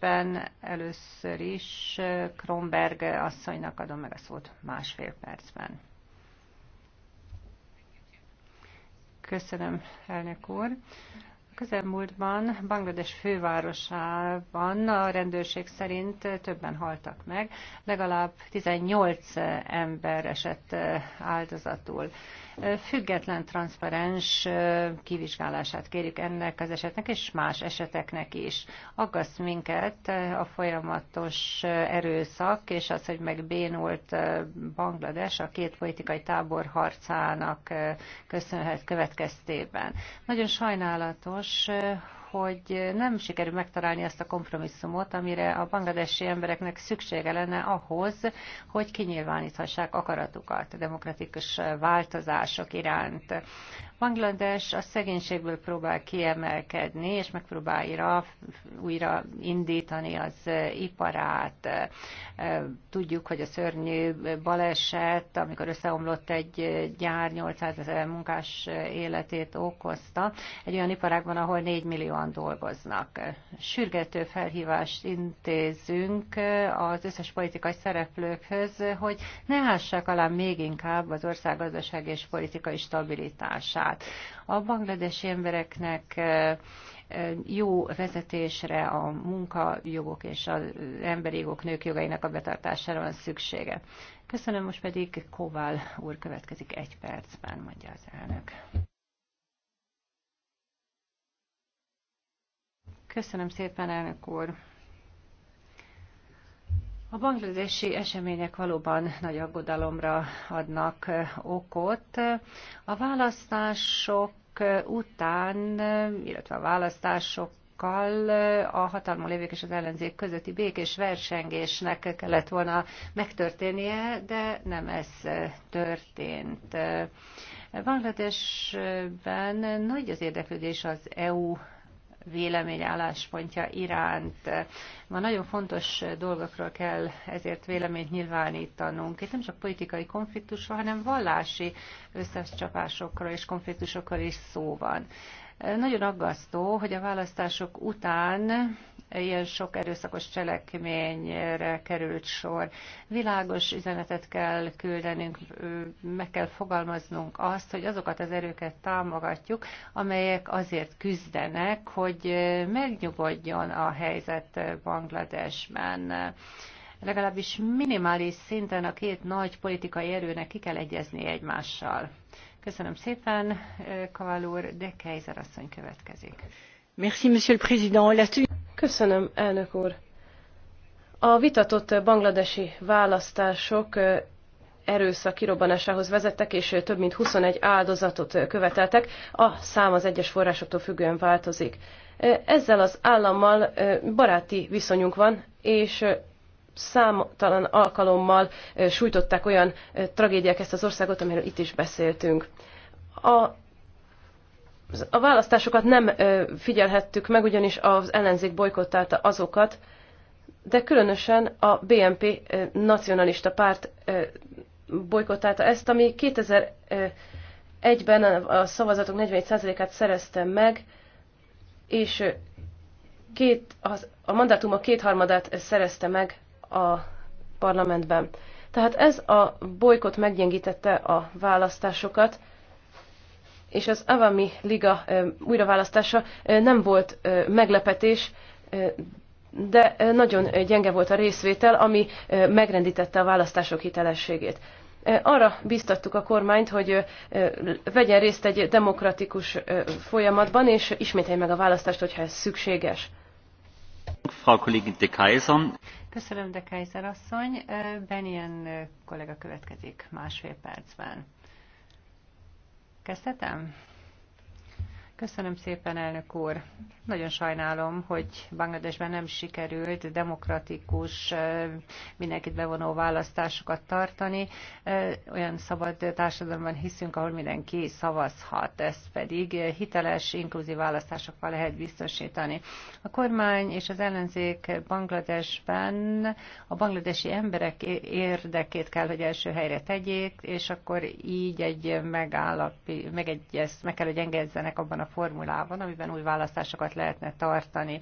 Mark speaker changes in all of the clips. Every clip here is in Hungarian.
Speaker 1: ben először is Kronberg asszonynak adom meg a szót másfél percben. Köszönöm, elnök úr. Közelmúltban Banglades fővárosában a rendőrség szerint többen haltak meg, legalább 18 ember esett eh, áldozatul. Eh, független, transzparens eh, kivizsgálását kérjük ennek az esetnek és más eseteknek is. Aggaszt minket a folyamatos erőszak és az, hogy megbénult Banglades a két politikai tábor harcának köszönhet következtében. Nagyon sajnálatos, biztos hogy nem sikerül megtalálni azt a kompromisszumot, amire a bangladesi embereknek szüksége lenne ahhoz, hogy kinyilváníthassák akaratukat a demokratikus változások iránt. Banglades a szegénységből próbál kiemelkedni, és megpróbálja újra indítani az iparát. Tudjuk, hogy a szörnyű baleset, amikor összeomlott egy gyár, 800 ezer munkás életét okozta, egy olyan iparágban, ahol 4 millióan sokan dolgoznak. Sürgető felhívást intézünk az összes politikai szereplőkhöz, hogy ne hássák alá még inkább az ország gazdasági és politikai stabilitását. A bangladesi embereknek jó vezetésre, a munkajogok és az emberi jogok, nők jogainak a betartására van szüksége. Köszönöm, most pedig Kovál úr következik egy percben, mondja az elnök. Köszönöm szépen, elnök úr. A bangladesi események valóban nagy aggodalomra adnak okot. A választások után, illetve a választások a hatalmon lévők és az ellenzék közötti békés versengésnek kellett volna megtörténnie, de nem ez történt. Bangladesben nagy az érdeklődés az EU vélemény álláspontja iránt. Ma nagyon fontos dolgokról kell ezért véleményt nyilvánítanunk. Itt nem csak politikai konfliktusról, hanem vallási összecsapásokról és konfliktusokról is szó van. Nagyon aggasztó, hogy a választások után ilyen sok erőszakos cselekményre került sor. Világos üzenetet kell küldenünk, meg kell fogalmaznunk azt, hogy azokat az erőket támogatjuk, amelyek azért küzdenek, hogy megnyugodjon a helyzet Bangladesben legalábbis minimális szinten a két nagy politikai erőnek ki kell egyezni egymással. Köszönöm szépen, Kavalúr, de Kejzer asszony következik.
Speaker 2: Köszönöm, A vitatott bangladesi választások erőszak kirobbanásához vezettek, és több mint 21 áldozatot követeltek. A szám az egyes forrásoktól függően változik. Ezzel az állammal baráti viszonyunk van, és számtalan alkalommal sújtották olyan tragédiák ezt az országot, amiről itt is beszéltünk. A a választásokat nem figyelhettük meg, ugyanis az ellenzék bolykottálta azokat, de különösen a BNP nacionalista párt bolykottálta ezt, ami 2001-ben a szavazatok 41%-át szerezte meg, és két, az, a mandátumok kétharmadát szerezte meg a parlamentben. Tehát ez a bolykot meggyengítette a választásokat, és az Avami Liga újraválasztása nem volt meglepetés, de nagyon gyenge volt a részvétel, ami megrendítette a választások hitelességét. Arra biztattuk a kormányt, hogy vegyen részt egy demokratikus folyamatban, és ismételje meg a választást, hogyha ez szükséges.
Speaker 3: Frau Kollegin
Speaker 1: de Kaiser. Köszönöm, de Kaiser asszony. Benien kollega következik másfél percben. Kezdhetem? Köszönöm szépen, elnök úr. Nagyon sajnálom, hogy Bangladesben nem sikerült demokratikus, mindenkit bevonó választásokat tartani. Olyan szabad társadalomban hiszünk, ahol mindenki szavazhat. Ezt pedig hiteles, inkluzív választásokkal lehet biztosítani. A kormány és az ellenzék Bangladesben a bangladesi emberek érdekét kell, hogy első helyre tegyék, és akkor így egy megállapi, meg, egy, meg kell, hogy engedzenek abban a a formulában, amiben új választásokat lehetne tartani.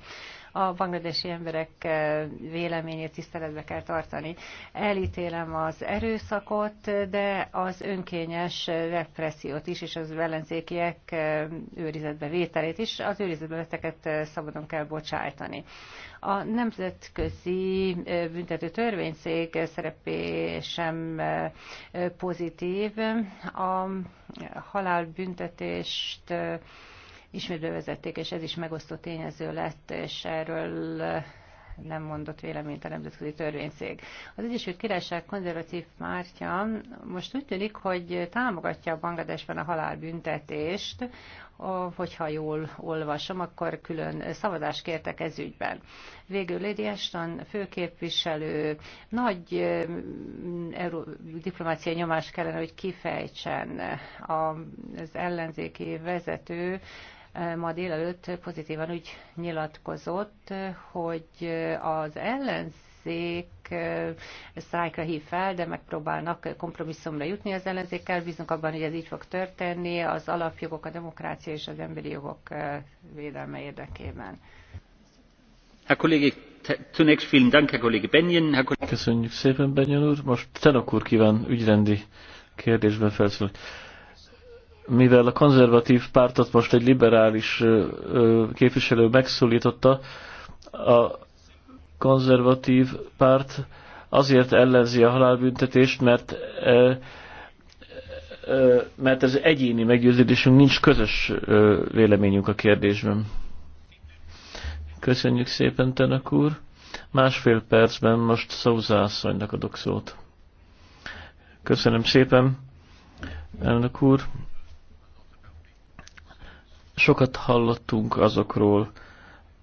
Speaker 1: A bangladesi emberek eh, véleményét tiszteletbe kell tartani. Elítélem az erőszakot, de az önkényes repressziót is, és az ellenzékiek eh, őrizetbe vételét is. Az őrizetbe veteket eh, szabadon kell bocsájtani. A nemzetközi büntető törvényszék szerepé sem pozitív. A halálbüntetést ismét bevezették, és ez is megosztó tényező lett, és erről nem mondott véleményt a Nemzetközi Törvényszék. Az Egyesült Királyság konzervatív pártja most úgy tűnik, hogy támogatja a Bangladesben a halálbüntetést, hogyha jól olvasom, akkor külön szavazást kértek ez ügyben. Végül Lady Ashton főképviselő nagy euró, diplomáciai nyomás kellene, hogy kifejtsen az ellenzéki vezető, ma délelőtt pozitívan úgy nyilatkozott, hogy az ellenzék eh, sztrájkra hív fel, de megpróbálnak kompromisszumra jutni az ellenzékkel. Bízunk abban, hogy ez így fog történni az alapjogok, a demokrácia és az emberi jogok eh, védelme érdekében.
Speaker 3: Herr Kollege, zunächst vielen Dank, Herr Kollege Benjen. Herr Kollege... Köszönjük szépen, Benjen úr. Most Tenok úr kíván ügyrendi kérdésben felszólni mivel a konzervatív pártot most egy liberális képviselő megszólította, a konzervatív párt azért ellenzi a halálbüntetést, mert mert ez egyéni meggyőződésünk, nincs közös véleményünk a kérdésben. Köszönjük szépen, Tenek úr. Másfél percben most Szauza asszonynak adok szót. Köszönöm szépen, elnök úr. Sokat hallottunk azokról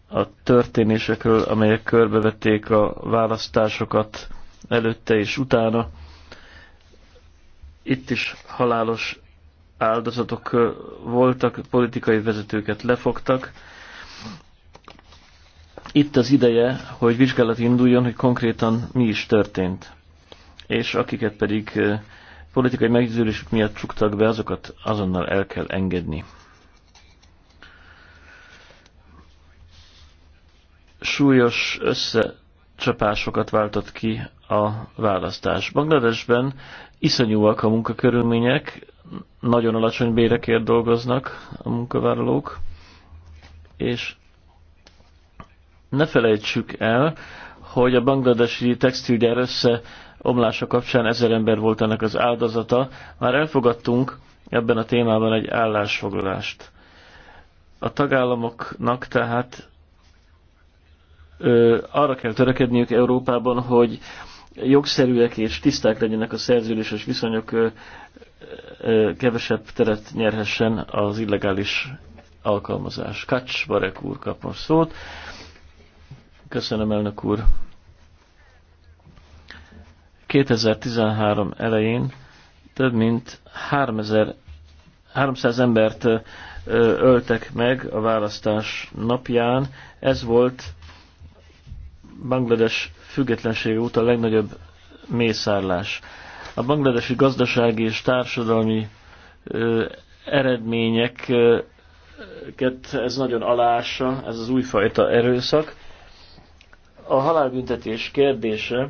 Speaker 3: a történésekről, amelyek körbevették a választásokat előtte és utána. Itt is halálos áldozatok voltak, politikai vezetőket lefogtak. Itt az ideje, hogy vizsgálat induljon, hogy konkrétan mi is történt. És akiket pedig eh, politikai meggyőződésük miatt csuktak be, azokat azonnal el kell engedni. súlyos összecsapásokat váltott ki a választás. Bangladesben iszonyúak a munkakörülmények, nagyon alacsony bérekért dolgoznak a munkavállalók, és ne felejtsük el, hogy a bangladesi textilgyár összeomlása kapcsán ezer ember volt ennek az áldozata. Már elfogadtunk ebben a témában egy állásfoglalást. A tagállamoknak tehát arra kell törekedniük Európában, hogy jogszerűek és tiszták legyenek a szerződéses viszonyok, kevesebb teret nyerhessen az illegális alkalmazás. Kacs Barek úr kap most szót. Köszönöm, elnök úr. 2013 elején több mint 3000, 300 embert öltek meg a választás napján. Ez volt Banglades függetlenség óta a legnagyobb mészárlás. A bangladesi gazdasági és társadalmi ö, eredményeket ez nagyon alása, ez az újfajta erőszak. A halálbüntetés kérdése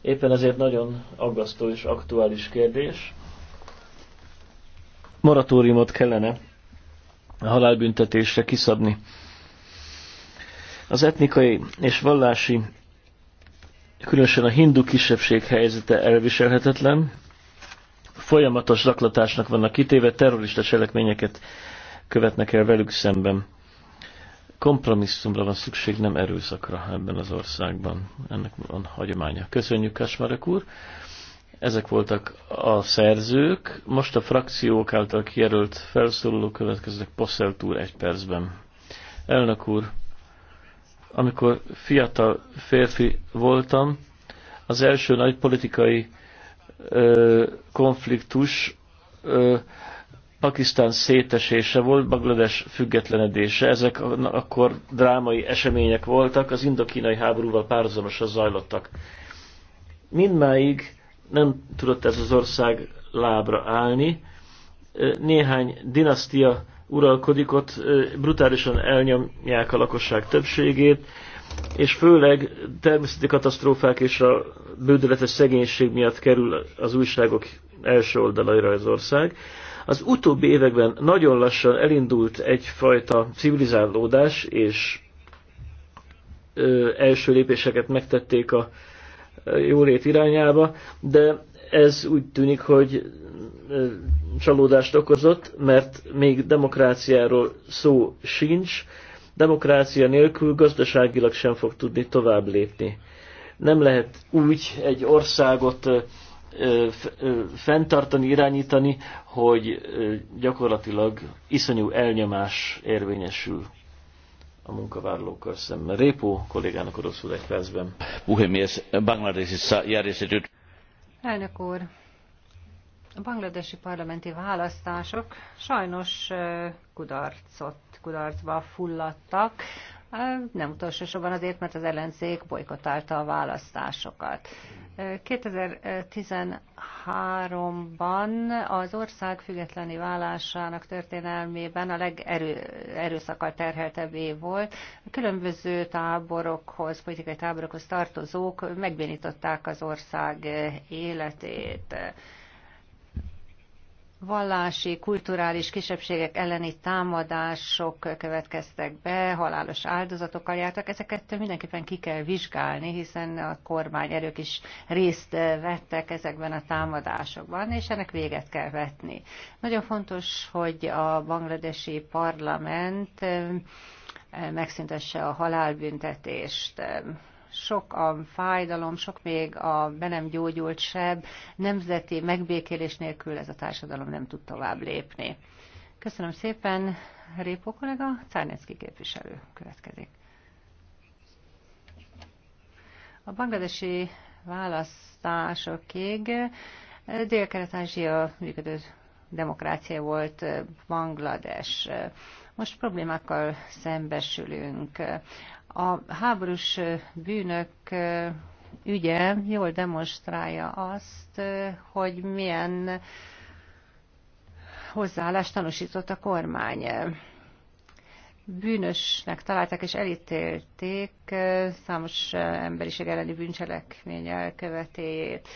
Speaker 3: éppen ezért nagyon aggasztó és aktuális kérdés. Moratóriumot kellene a halálbüntetésre kiszabni. Az etnikai és vallási, különösen a hindu kisebbség helyzete elviselhetetlen. Folyamatos zaklatásnak vannak kitéve, terrorista cselekményeket követnek el velük szemben. Kompromisszumra van szükség, nem erőszakra ebben az országban. Ennek van hagyománya. Köszönjük, Kasmarek úr! Ezek voltak a szerzők. Most a frakciók által kijelölt felszólaló következnek Posselt úr egy percben. Elnök úr, amikor fiatal férfi voltam, az első nagy politikai ö, konfliktus ö, Pakisztán szétesése volt, Bagledes függetlenedése. Ezek akkor drámai események voltak, az indokínai háborúval párhuzamosan zajlottak. Mindmáig nem tudott ez az ország lábra állni. Néhány dinasztia uralkodik, ott brutálisan elnyomják a lakosság többségét, és főleg természeti katasztrófák és a bődöletes szegénység miatt kerül az újságok első oldalaira az ország. Az utóbbi években nagyon lassan elindult egyfajta civilizálódás, és ö, első lépéseket megtették a jólét irányába, de ez úgy tűnik, hogy csalódást okozott, mert még demokráciáról szó sincs. Demokrácia nélkül gazdaságilag sem fog tudni tovább lépni. Nem lehet úgy egy országot fenntartani, irányítani, hogy gyakorlatilag iszonyú elnyomás érvényesül a munkavállalókkal szemben. Répó kollégának adott egy percben. Puhemies, Bangladesissa järjestetyt
Speaker 1: Elnök úr, a bangladesi parlamenti választások sajnos kudarcot, kudarcba fulladtak, nem utolsó sorban azért, mert az ellenzék bolykotálta a választásokat. 2013-ban az ország függetleni válásának történelmében a legerőszakkal terheltebb év volt. különböző táborokhoz, politikai táborokhoz tartozók megbénították az ország életét vallási, kulturális kisebbségek elleni támadások következtek be, halálos áldozatokkal jártak. Ezeket mindenképpen ki kell vizsgálni, hiszen a kormány erők is részt vettek ezekben a támadásokban, és ennek véget kell vetni. Nagyon fontos, hogy a bangladesi parlament megszüntesse a halálbüntetést sok a fájdalom, sok még a be nem gyógyult seb, nemzeti megbékélés nélkül ez a társadalom nem tud tovább lépni. Köszönöm szépen, Répó kollega, Czárnecki képviselő következik. A bangladesi választásokig Dél-Kelet-Ázsia működő demokrácia volt Banglades. Most problémákkal szembesülünk. A háborús bűnök ügye jól demonstrálja azt, hogy milyen hozzáállást tanúsított a kormány bűnösnek találták és elítélték számos emberiség elleni bűncselekmény elkövetéjét.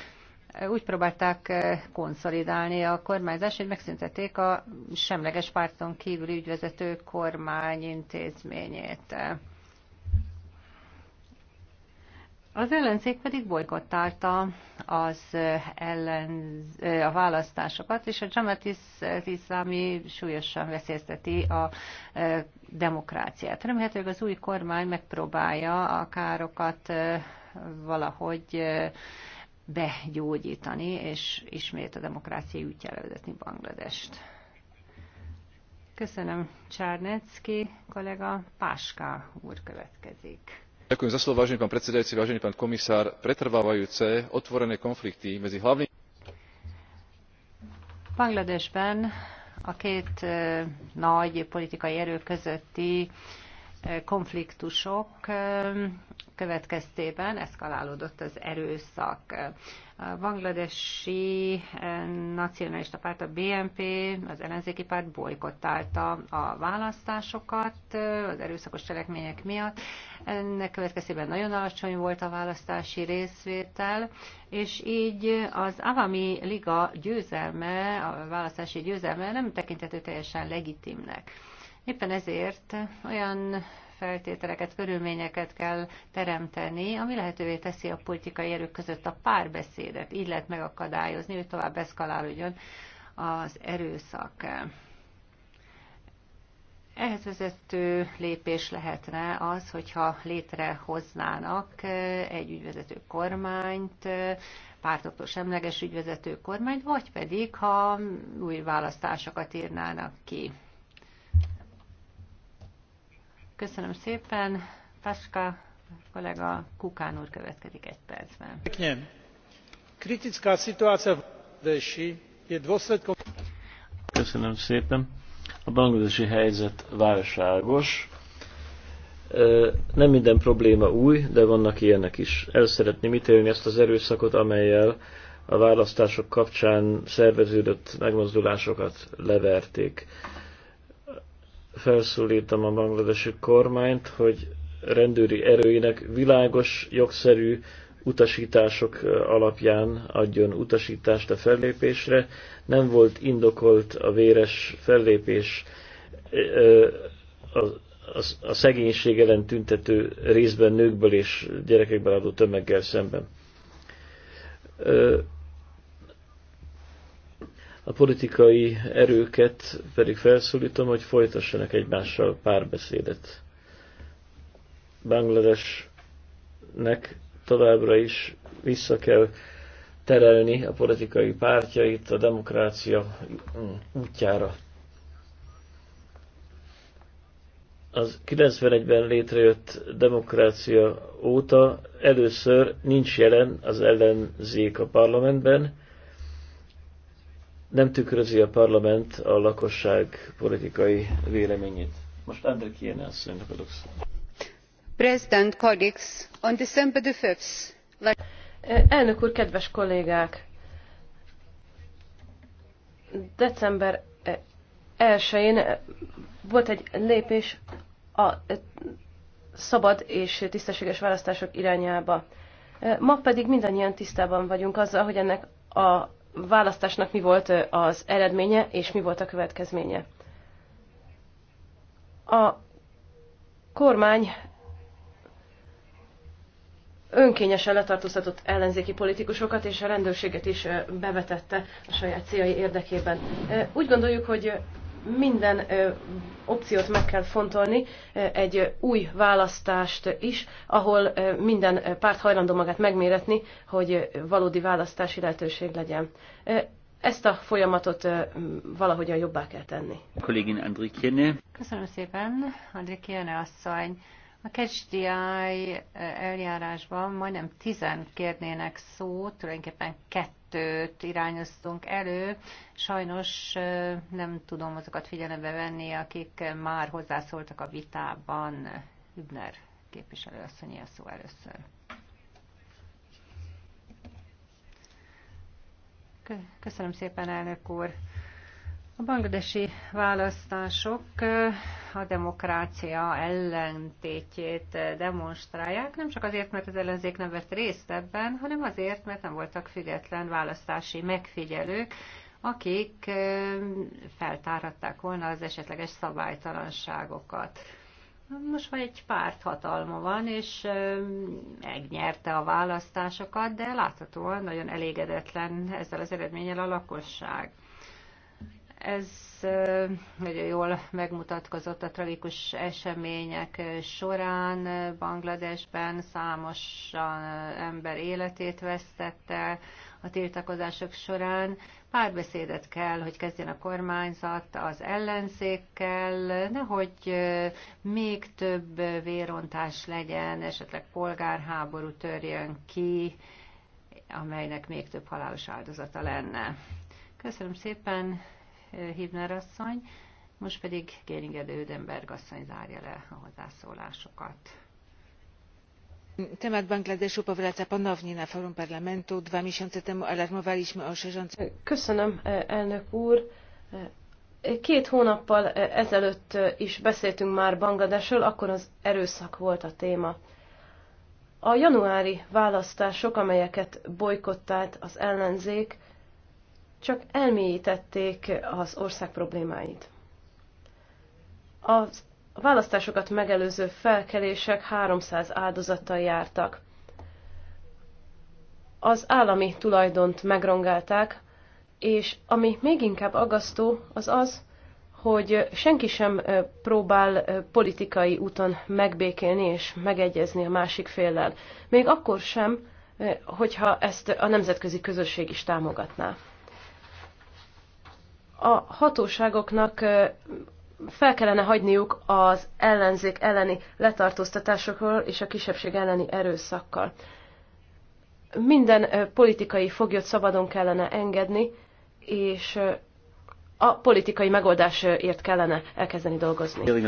Speaker 1: Úgy próbálták konszolidálni a kormányzást, hogy megszüntették a semleges párton kívüli ügyvezető kormány intézményét. Az ellenzék pedig bolykottálta az ellen, a választásokat, és a Jamatis iszlámi súlyosan veszélyezteti a demokráciát. Remélhetőleg az új kormány megpróbálja a károkat valahogy begyógyítani, és ismét a demokrácia útjára vezetni Bangladest. Köszönöm, Csárnecki kollega. Páska úr következik
Speaker 2: pretrvávajúce otvorené konflikty medzi
Speaker 3: hlavnými.
Speaker 1: bangladesben a két eh, nagy politikai erő közötti konfliktusok következtében eszkalálódott az erőszak. A bangladesi nacionalista párt, a BNP, az ellenzéki párt bolykottálta a választásokat az erőszakos cselekmények miatt. Ennek következtében nagyon alacsony volt a választási részvétel, és így az Avami Liga győzelme, a választási győzelme nem tekinthető teljesen legitimnek. Éppen ezért olyan feltételeket, körülményeket kell teremteni, ami lehetővé teszi a politikai erők között a párbeszédet. Így lehet megakadályozni, hogy tovább eszkalálódjon az erőszak. Ehhez vezető lépés lehetne az, hogyha létrehoznának egy ügyvezető kormányt, pártoktól semleges ügyvezető kormányt, vagy pedig, ha új választásokat írnának ki. Köszönöm szépen. Paska kollega Kukán úr következik egy percben.
Speaker 3: Köszönöm szépen. A bangladesi helyzet válságos. Nem minden probléma új, de vannak ilyenek is. El szeretném ítélni ezt az erőszakot, amelyel a választások kapcsán szerveződött megmozdulásokat leverték felszólítom a bangladesi kormányt, hogy rendőri erőinek világos, jogszerű utasítások alapján adjon utasítást a fellépésre. Nem volt indokolt a véres fellépés a, a, a szegénység ellen tüntető részben nőkből és gyerekekből adó tömeggel szemben a politikai erőket pedig felszólítom, hogy folytassanak egymással párbeszédet. Bangladesnek továbbra is vissza kell terelni a politikai pártjait a demokrácia mm, útjára. Az 91-ben létrejött demokrácia óta először nincs jelen az ellenzék a parlamentben, nem tükrözi a parlament a lakosság politikai véleményét. Most André Kiene asszonynak adok szót.
Speaker 1: President
Speaker 2: colleagues, on December the 5th, like... Elnök úr, kedves kollégák! December 1-én eh, eh, volt egy lépés a eh, szabad és tisztességes választások irányába. Ma pedig mindannyian tisztában vagyunk azzal, hogy ennek a választásnak mi volt az eredménye, és mi volt a következménye. A kormány önkényesen letartóztatott ellenzéki politikusokat, és a rendőrséget is bevetette a saját céljai érdekében. Úgy gondoljuk, hogy minden opciót meg kell fontolni, egy új választást is, ahol minden párt hajlandó magát megméretni, hogy valódi választási lehetőség
Speaker 1: legyen. Ezt a folyamatot valahogyan jobbá kell tenni.
Speaker 3: Kollégin Andrikéne.
Speaker 1: Köszönöm szépen, Andrikéne asszony. A CatchDI eh, eljárásban majdnem tizen kérnének szót, tulajdonképpen kettőt irányoztunk elő. Sajnos eh, nem tudom azokat figyelembe venni, akik már hozzászóltak a vitában. Hübner képviselőasszonyi a szó először. Köszönöm szépen, elnök úr. A bangladesi választások a demokrácia ellentétjét demonstrálják, nem csak azért, mert az ellenzék nem vett részt ebben, hanem azért, mert nem voltak független választási megfigyelők, akik feltáratták volna az esetleges szabálytalanságokat. Most már egy párt hatalma van, és megnyerte a választásokat, de láthatóan nagyon elégedetlen ezzel az eredménnyel a lakosság. Ez nagyon jól megmutatkozott a tragikus események során. Bangladesben számos ember életét vesztette a tiltakozások során. Párbeszédet kell, hogy kezdjen a kormányzat az ellenzékkel, nehogy még több vérontás legyen, esetleg polgárháború törjön ki, amelynek még több halálos áldozata lenne. Köszönöm szépen! Hibner asszony, most pedig Géringer Ödenberg asszony zárja le a hozzászólásokat temat Bangladesh powraca ponownie na forum parlamentu. dwa miesiące temu alarmowaliśmy
Speaker 2: o szerzącej. köszönöm elnök úr! két hónappal ezelőtt is beszéltünk már bangladesről akkor az erőszak volt a téma. a januári választások amelyeket bojkottált az ellenzék csak elmélyítették az ország problémáit. A választásokat megelőző felkelések 300 áldozattal jártak. Az állami tulajdont megrongálták, és ami még inkább aggasztó, az az, hogy senki sem próbál politikai úton megbékélni és megegyezni a másik féllel. Még akkor sem, hogyha ezt a nemzetközi közösség is támogatná a hatóságoknak fel kellene hagyniuk az ellenzék elleni letartóztatásokról és a kisebbség elleni erőszakkal. Minden politikai foglyot szabadon kellene engedni, és a politikai megoldásért kellene
Speaker 3: elkezdeni dolgozni.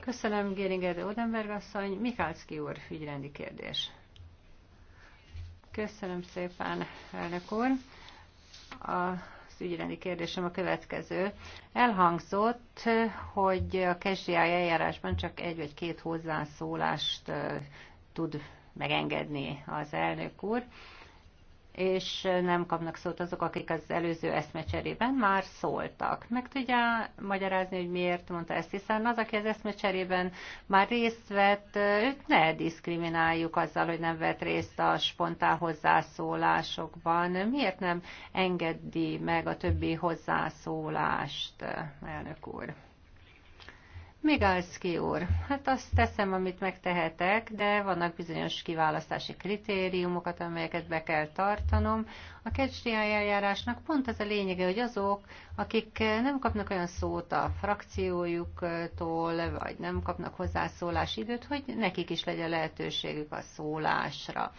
Speaker 1: Köszönöm, Géringer de Odenberg asszony. Mikálszki úr, ügyrendi kérdés. Köszönöm szépen, elnök úr. A ügyrendi kérdésem a következő. Elhangzott, hogy a KSDI eljárásban csak egy vagy két hozzászólást tud megengedni az elnök úr és nem kapnak szót azok, akik az előző eszmecserében már szóltak. Meg tudja magyarázni, hogy miért mondta ezt, hiszen az, aki az eszmecserében már részt vett, őt ne diszkrimináljuk azzal, hogy nem vett részt a spontán hozzászólásokban. Miért nem engedi meg a többi hozzászólást, elnök úr? Migalszki úr, hát azt teszem, amit megtehetek, de vannak bizonyos kiválasztási kritériumokat, amelyeket be kell tartanom. A kecsdiai eljárásnak pont az a lényege, hogy azok, akik nem kapnak olyan szót a frakciójuktól, vagy nem kapnak hozzászólási időt, hogy nekik is legyen lehetőségük a szólásra.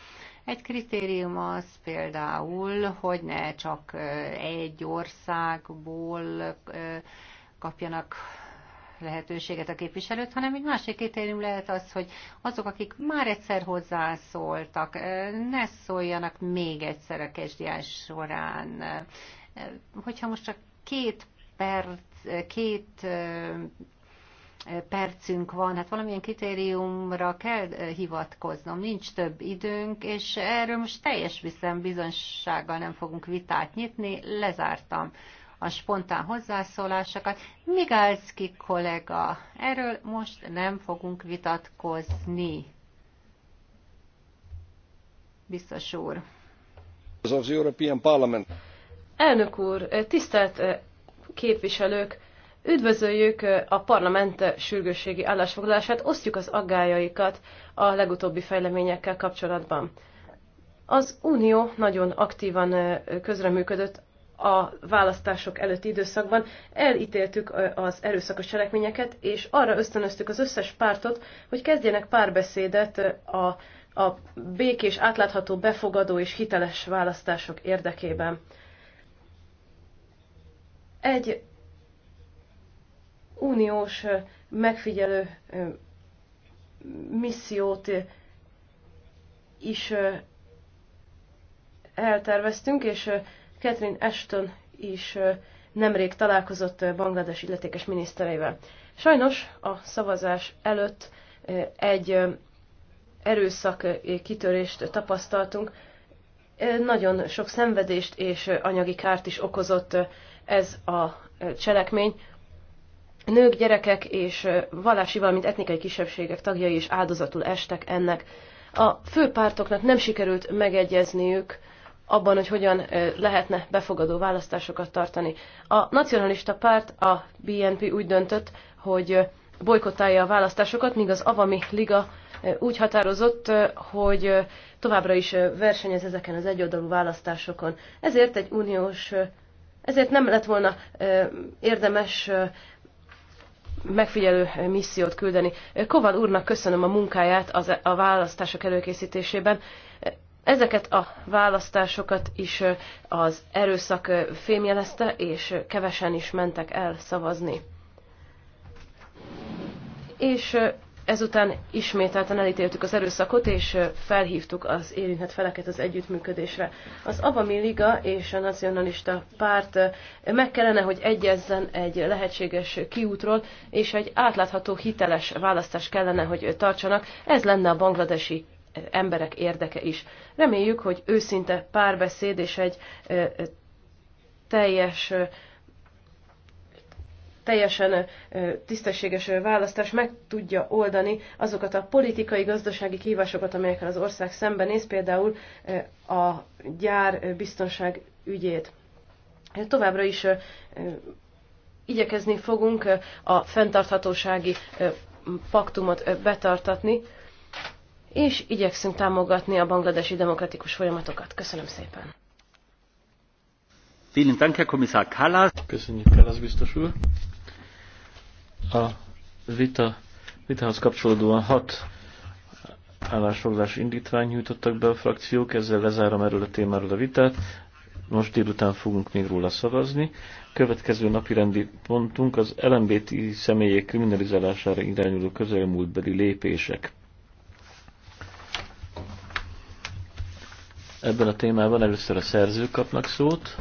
Speaker 1: Egy kritérium az például, hogy ne csak egy országból kapjanak lehetőséget a képviselőt, hanem egy másik kritérium lehet az, hogy azok, akik már egyszer hozzászóltak, ne szóljanak még egyszer a kezdiás során. Hogyha most csak két perc, két percünk van, hát valamilyen kritériumra kell hivatkoznom, nincs több időnk, és erről most teljes viszem bizonysággal nem fogunk vitát nyitni, lezártam a spontán hozzászólásokat. Migalski kollega, erről most nem fogunk vitatkozni. Biztos úr.
Speaker 3: Az European Parliament.
Speaker 2: Elnök úr, tisztelt eh, képviselők, Üdvözöljük eh, a parlament eh, sürgősségi állásfoglalását, osztjuk az aggájaikat a legutóbbi fejleményekkel kapcsolatban. Az Unió nagyon aktívan közreműködött a választások előtti időszakban elítéltük az erőszakos cselekményeket, és arra ösztönöztük az összes pártot, hogy kezdjenek párbeszédet a, a békés, átlátható, befogadó és hiteles választások érdekében. Egy uniós megfigyelő missziót is elterveztünk, és Catherine Ashton is nemrég találkozott Banglades illetékes minisztereivel. Sajnos a szavazás előtt egy erőszak kitörést tapasztaltunk. Nagyon sok szenvedést és anyagi kárt is okozott ez a cselekmény. Nők, gyerekek és vallási, valamint etnikai kisebbségek tagjai is áldozatul estek ennek. A főpártoknak nem sikerült megegyezniük, abban, hogy hogyan lehetne befogadó választásokat tartani. A nacionalista párt, a BNP úgy döntött, hogy bolykottálja a választásokat, míg az Avami Liga úgy határozott, hogy továbbra is versenyez ezeken az egyoldalú választásokon. Ezért egy uniós, ezért nem lett volna érdemes megfigyelő missziót küldeni. Koval úrnak köszönöm a munkáját az, a választások előkészítésében. Ezeket a választásokat is az erőszak fémjelezte, és kevesen is mentek el szavazni. És ezután ismételten elítéltük az erőszakot, és felhívtuk az érintett feleket az együttműködésre. Az Abami Liga és a Nacionalista Párt meg kellene, hogy egyezzen egy lehetséges kiútról, és egy átlátható, hiteles választás kellene, hogy tartsanak. Ez lenne a bangladesi emberek érdeke is. Reméljük, hogy őszinte párbeszéd és egy teljes teljesen tisztességes választás meg tudja oldani azokat a politikai, gazdasági kihívásokat, amelyekkel az ország szembenéz, például a gyár biztonság ügyét. Hát továbbra is igyekezni fogunk a fenntarthatósági paktumot betartatni, és igyekszünk támogatni a bangladesi demokratikus folyamatokat. Köszönöm szépen!
Speaker 3: Vielen Dank, Herr Kommissar Kallas. Köszönjük, Kallas biztos úr. A vita, vitához kapcsolódóan hat állásfoglalás indítvány nyújtottak be a frakciók, ezzel lezárom erről a témáról a vitát. Most délután fogunk még róla szavazni. Következő napi rendi pontunk az LMBT személyek kriminalizálására irányuló közelmúltbeli lépések. Ebben a témában először a szerzők kapnak szót.